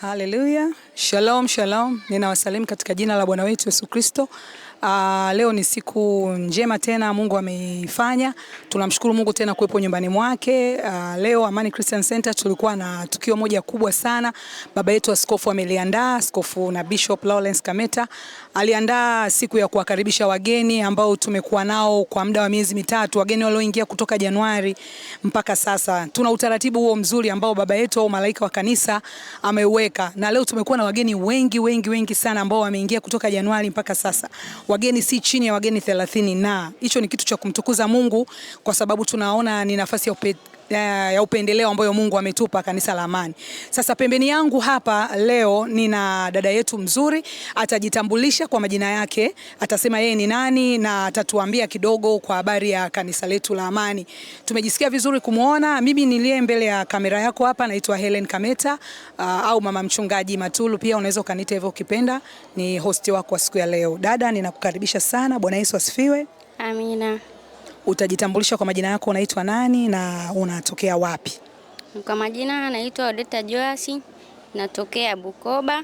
Haleluya. Shalom, shalom. Ninawasalimu katika jina la Bwana wetu Yesu Kristo Uh, leo ni siku njema tena Mungu ameifanya. Tunamshukuru Mungu tena kuwepo nyumbani mwake. Uh, leo Amani Christian Center tulikuwa na tukio moja kubwa sana. Baba yetu askofu ameliandaa, askofu na Bishop Lawrence Kameta aliandaa siku ya kuwakaribisha wageni ambao tumekuwa nao kwa muda wa miezi mitatu, wageni walioingia kutoka Januari mpaka sasa. Tuna utaratibu huo mzuri ambao baba yetu au malaika wa kanisa ameuweka. Na leo tumekuwa na wageni wengi wengi wengi sana ambao wameingia kutoka Januari mpaka sasa wageni si chini ya wageni thelathini na hicho ni kitu cha kumtukuza Mungu kwa sababu tunaona ni nafasi ya Eh, ya upendeleo ambayo Mungu ametupa kanisa la Amani. Sasa pembeni yangu hapa leo nina dada yetu mzuri, atajitambulisha kwa majina yake, atasema yeye ni nani na atatuambia kidogo kwa habari ya kanisa letu la Amani. Tumejisikia vizuri kumwona. Mimi niliye mbele ya kamera yako hapa naitwa Helen Kameta, uh, au mama mchungaji Matulu, pia unaweza ukaniita hivyo ukipenda. Ni host wako wa siku ya leo. Dada, ninakukaribisha sana. Bwana Yesu asifiwe. Amina. Utajitambulisha kwa majina yako, unaitwa nani na unatokea wapi? Kwa majina naitwa Odeta Joasi, natokea Bukoba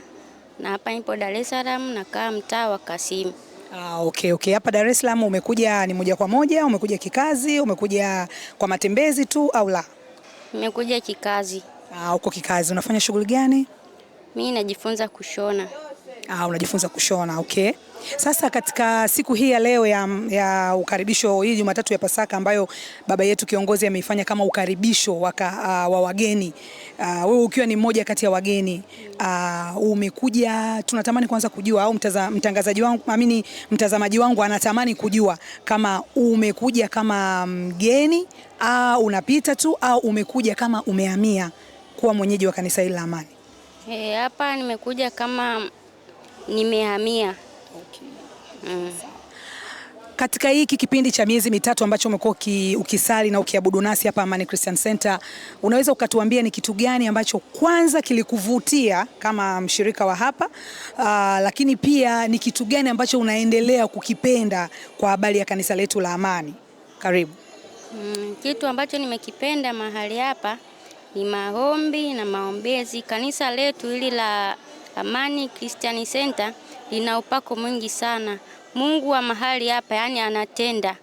na hapa nipo Dar es Salaam, nakaa mtaa wa Kasimu. Ah, okay, okay. Hapa Dar es Salaam umekuja ni moja kwa moja, umekuja kikazi, umekuja kwa matembezi tu au la? Nimekuja kikazi. Ah, uko kikazi. Unafanya shughuli gani? Mimi najifunza kushona. Ah, unajifunza kushona okay. Sasa katika siku hii ya leo ya, ya ukaribisho hii Jumatatu ya Pasaka ambayo baba yetu kiongozi ameifanya kama ukaribisho waka, uh, ah, wa wageni ah, wewe uh, ukiwa ni mmoja kati ya wageni uh, umekuja, tunatamani kwanza kujua au mtaza, mtangazaji wangu amini, mtazamaji wangu anatamani kujua kama umekuja kama mgeni au uh, unapita tu au uh, umekuja kama umehamia kuwa mwenyeji wa kanisa hili la Amani. Eh, hapa hey, nimekuja kama nimehamia. Okay. Mm. Katika hiki kipindi cha miezi mitatu ambacho umekuwa ukisali na ukiabudu nasi hapa Amani Christian Center, unaweza ukatuambia ni kitu gani ambacho kwanza kilikuvutia kama mshirika wa hapa uh, lakini pia ni kitu gani ambacho unaendelea kukipenda kwa habari ya kanisa letu la Amani? Karibu. Mm, kitu ambacho nimekipenda mahali hapa ni maombi na maombezi. Kanisa letu hili la Amani Christian Center lina upako mwingi sana. Mungu wa mahali hapa, yani anatenda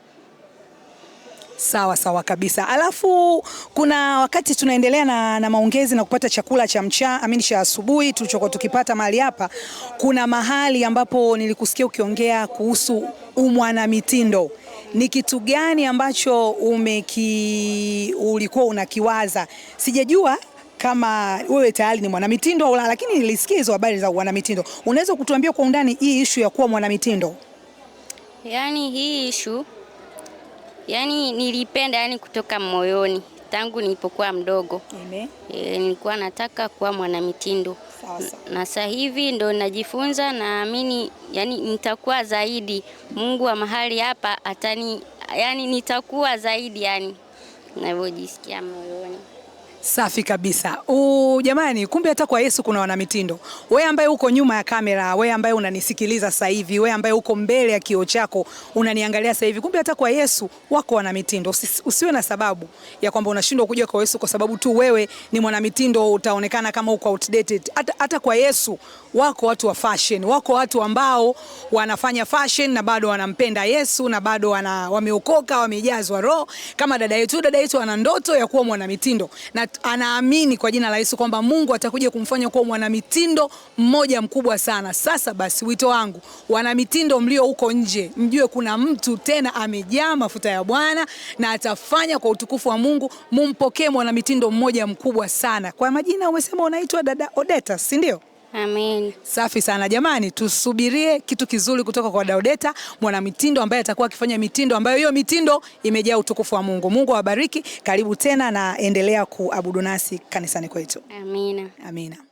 Sawa sawa kabisa. Alafu kuna wakati tunaendelea na, na maongezi na kupata chakula cha mcha amini cha asubuhi tulichokuwa tukipata mahali hapa, kuna mahali ambapo nilikusikia ukiongea kuhusu mitindo Ni kitu gani ambacho umeki ulikuwa unakiwaza? Sijajua kama wewe tayari ni mwanamitindo au la, lakini nilisikia hizo habari za wanamitindo. Unaweza kutuambia kwa undani hii ishu ya kuwa mwanamitindo? Yaani hii ishu yani nilipenda yani kutoka moyoni tangu nilipokuwa mdogo e, nilikuwa nataka kuwa mwanamitindo na sasa hivi ndo najifunza, naamini yani nitakuwa zaidi. Mungu wa mahali hapa atani, yani nitakuwa zaidi, yani navyojisikia moyoni. Safi kabisa. U, jamani kumbe hata kwa Yesu kuna wanamitindo. Wewe ambaye uko nyuma ya kamera, wewe ambaye unanisikiliza sasa hivi, wewe ambaye uko mbele ya kioo chako unaniangalia sasa hivi, kumbe hata kwa Yesu wako wanamitindo. Usiwe na sababu ya kwamba unashindwa kuja kwa Yesu kwa sababu tu wewe ni mwanamitindo, utaonekana kama uko outdated. Hata, hata kwa Yesu wako watu wa fashion, wako watu ambao wanafanya fashion na bado wanampenda Yesu na bado wana, wameokoka, wamejazwa roho kama dada yetu. Dada yetu ana ndoto ya kuwa mwanamitindo na anaamini kwa jina la Yesu kwamba Mungu atakuja kumfanya kuwa mwanamitindo mmoja mkubwa sana. Sasa basi, wito wangu wanamitindo mlio huko nje, mjue kuna mtu tena amejaa mafuta ya Bwana na atafanya kwa utukufu wa Mungu. Mumpokee mwanamitindo mmoja mkubwa sana. Kwa majina umesema unaitwa dada Odeta, si ndio? Amen. Safi sana jamani, tusubirie kitu kizuri kutoka kwa Daudeta mwanamitindo ambaye atakuwa akifanya mitindo ambayo hiyo mitindo imejaa utukufu wa Mungu. Mungu awabariki, karibu tena na endelea kuabudu nasi kanisani kwetu. Amina. Amina.